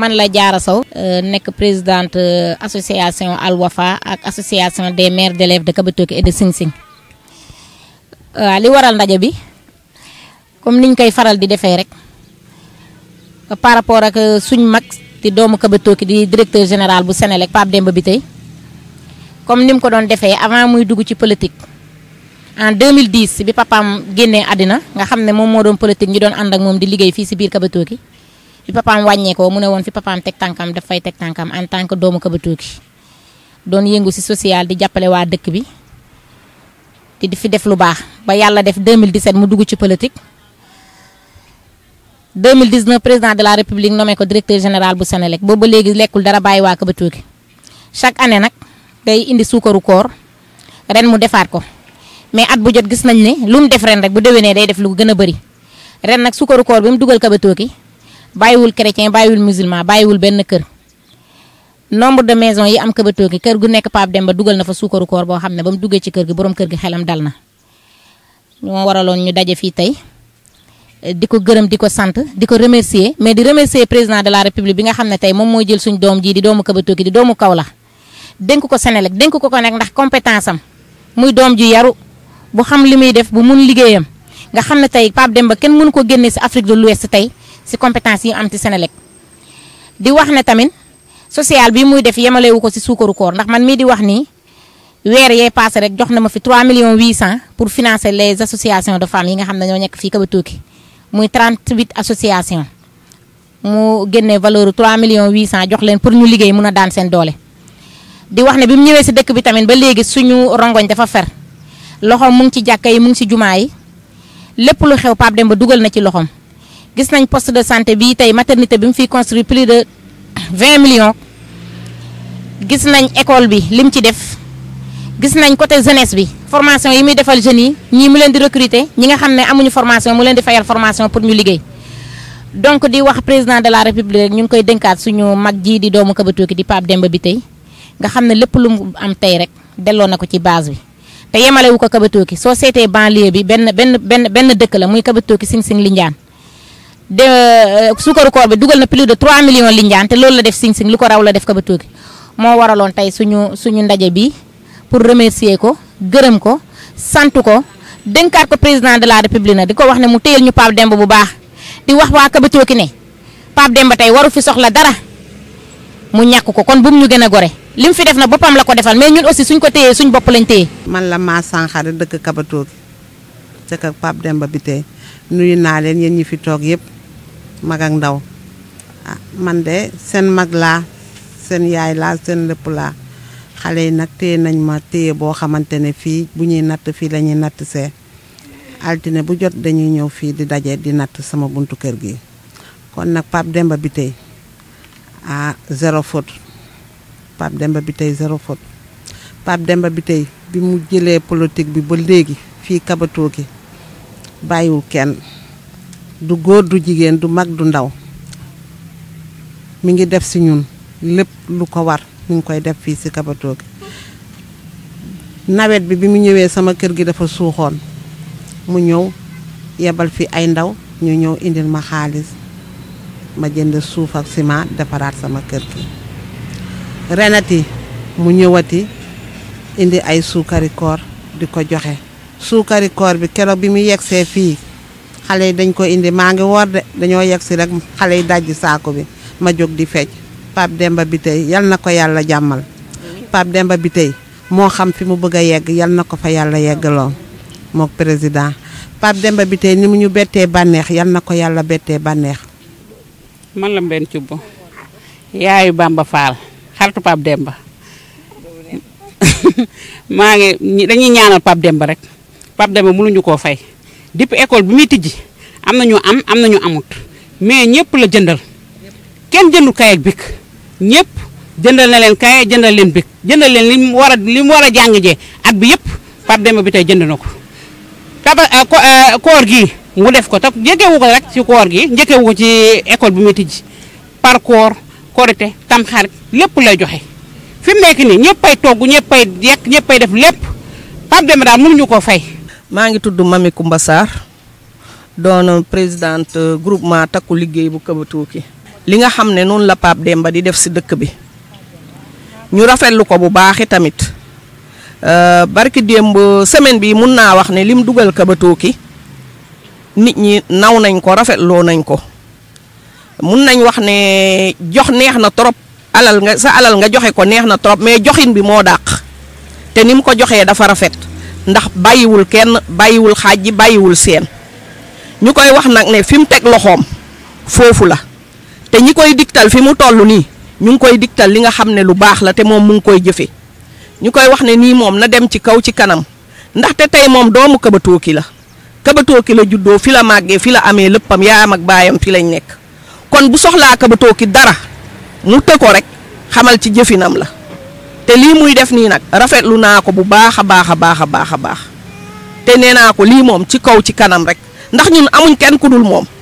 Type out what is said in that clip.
man la Diarra Sow euh, nekk présidente euh, association Al ak association des mères d'élèves de Kabatoki et de Sing Sing waaw euh, li waral ndaje bi comme niñ koy faral di defee rek par rapport ak suñ mag di doomu Kabatoki di directeur général bu Senelec Pape Demba bi tey comme ni mu ko doon defee avant muy dugg ci politique en 2010 bi papaam génnee àddina nga xam ne moom moo doon politique ñu doon ànd ak moom di liggéey fii si biir Kabatoki bi papaam wàññeekoo mu ne woon fi papaam teg tànkam daf fay teg tànkam en tant que doomu Kabatuki doon yëngu si social di jàppale waa dëkk bi te di fi def lu baax ba yàlla def 2017 mu dugg ci politique 2019 président de la république nommé ko directeur général bu Senelec boobu ba léegi lekkul dara bàyyi waa Kabatuki chaque année nag day indi suukaru koor ren mu defaat ko mais at bu jot gis nañ ne lu mu def ren rek bu dewee nee day def lu gën a bëri ren nag suukaru koor bi mu dugal Kabatuki bàyyiwul chrétien bàyyiwul musulman bàyyiwul benn kër nombre de maison yi am Këbatooki kër gu nekk Pape Demba dugal na fa suukaru koor boo xam ne ba mu duggee ci kër gi borom kër gi xelam dal na ñoo waraloon ñu daje fii tey di ko gërëm di ko sant di ko remercier mais di remercier président de la république bi nga xam ne tey moom mooy jël suñ doom jii di doomu Këbatooki di doomu Kaolack dénk ko Senelec dénk ko ko nekk ndax compétence am muy doom ju yaru bu xam li muy def bu mun liggéeyam nga xam ne tey Pape Demba kenn mënu ko génne si Afrique de l'Ouest tey si compétence yi am ci Senelec di wax ne tamit social bi muy def yemalewu ko si suukaru koor ndax man mii di wax nii weer yee passé rek jox na ma fi 3 millions 800 pour financer les associations de femmes yi nga xam ne ñoo nekk fii Kabatoki muy 38 associations mu génnee valeur 3 millions 800 jox leen pour ñu liggéey mun a daan seen doole. di wax ne bi mu ñëwee si dëkk bi tamit ba léegi suñu rongoñ dafa fer loxoom mu ngi ci jàkka yi mu ngi ci jumaa yi lépp lu xew Pape Demba dugal na ci loxoom. gis nañ poste de santé bi tey maternité bi mu fi construit plus de vingt millions gis nañ école bi lim ci def gis nañ côté jeunesse bi formation yi muy defal jeunes yi ñii mu leen di recruter ñi nga xam ne amuñu formation mu leen di fayal formation pour ñu liggéey donc di wax président de la république ñu ngi koy dénkaat suñu mag ji di doomu Kaba Touré di Pape dembe bi tey nga xam ne lépp lu mu am tey rek delloo na ko ci base bi te yemalewu ko Kaba soo seetee banlieue bi benn benn benn benn dëkk la muy Kaba Touré Sing Sing Lindiane de euh, suukaru koor bi dugal na plus de 3 millions linjaan te loolu la def sing sing lu ko raw la def ko ba tuuti moo waraloon tey suñu suñu ndaje bi pour remercier ko gërëm ko sant ko dénkaat ko président de la république na di ko wax ne mu téyel ñu Pape demb bu baax di wax waa Kabatoki ne Pape Demba tey waru fi soxla dara mu ñàkk ko kon bu ñu gën a gore li mu fi def na boppam la ko defal mais ñun aussi suñ ko téyee suñ bopp lañ téye. man la maa Sankhare dëkk Kabatoki c'est que Pape Demba bi tey nuyu naa leen yéen ñi fi toog yëpp. mag ak ndaw ah, man de seen mag laa seen yaay laa seen lépp laa xale yi nag téye nañ ma téye boo xamante ne fii bu ñuy natt fii la natt see altine bu jot dañuy ñëw fii di daje di natt sama buntu kër gi kon nag Pape Demba bi tey ah zéro faute Pape Demba bi tey zéro faute bi tey bi mu jëlee politique bi ba léegi fii kabatoo ki bàyyiwul kenn du góor du jigéen du mag du ndaw mu ngi def si ñun lépp lu ko war mu ngi koy def fii si Kaba Tooke nawet bi bi mu ñëwee sama kër gi dafa suuxoon mu ñëw yebal fi ay ndaw ñu ñëw indil ma xaalis ma jënd suuf ak ciment defaraat sama kër gi renati mu ñëwati indi ay suukari di ko joxe suukarikoor bi keroog bi mu yegsee fii xale yi dañ ko indi maa ngi woor de dañoo yegg si rek xale yi dajji saako bi ma jóg di fecc Pape Demba bi tey yal na ko yàlla jàmmal Pape Demba bi tey moo xam fi mu bëgg a yegg yal na ko fa yàlla yeggaloo mook président Pape Demba bi tey ni ñu bettee bànneex yal na ko yàlla bettee bànneex. man la mbenn cubbu yaayu Bamba Fall xaritu Pape Demba maa ngi dañuy ñaanal Pape Demba rek Pape Demba mënuñu koo fay. depuis école bi muy tijji am na ñu am am na ñu amut mais ñëpp la jëndal kenn jëndu kay ak bic ñëpp jëndal na leen kay jëndal leen bic jëndal leen li mu war a li mu war a jàng at bi yëpp par démb bi tey jënd na ko taba eh, eh, koor gi mu def ko te njëkkewu ko rek ci koor gi njëkkewu ko ci école bi muy tijji par koor korite tamxarit lépp lay joxe fi mu nekk nii ñëppay togg ñëppay yekk ñëppay def lépp par démb daal ñu koo fay. maa ngi tudd Mamy Coumba Sarr doon présidente euh, groupement takku liggéey bu Kabatuuki li nga xam ne noonu la Pape Demba di def si dëkk bi ñu rafetlu ko bu baaxi tamit euh, barki démb semaine bi mun naa wax ne li mu dugal Kabatuuki nit ñi naw nañ ko rafetloo nañ ko mun nañ wax ne jox neex na trop alal nga sa alal nga joxe ko neex na trop mais joxin bi moo dàq te ni mu ko joxee dafa rafet ndax bàyyiwul kenn bàyyiwul xaaj ji bàyyiwul seen ñu koy wax nag ne fi mu teg loxoom foofu la te ñi koy diktal fi mu toll nii ñu ngi koy diktal li nga xam ne lu baax la te moom mu ngi koy jëfe ñu koy wax ne nii moom na dem ci kaw ci kanam ndaxte tey moom doomu Kabatooki la Kabatooki la juddoo fi la màggee fi la amee yaa am ak baayam fi lañ nekk kon bu soxlaa Kabatooki dara mu teg ko rek xamal ci jëfinam la te lii muy def nii nag rafetlu naa ko bu baax a baax a baax a baax a baax te nee naa ko lii moom ci kaw ci kanam rek ndax ñun amuñ kenn ku dul moom.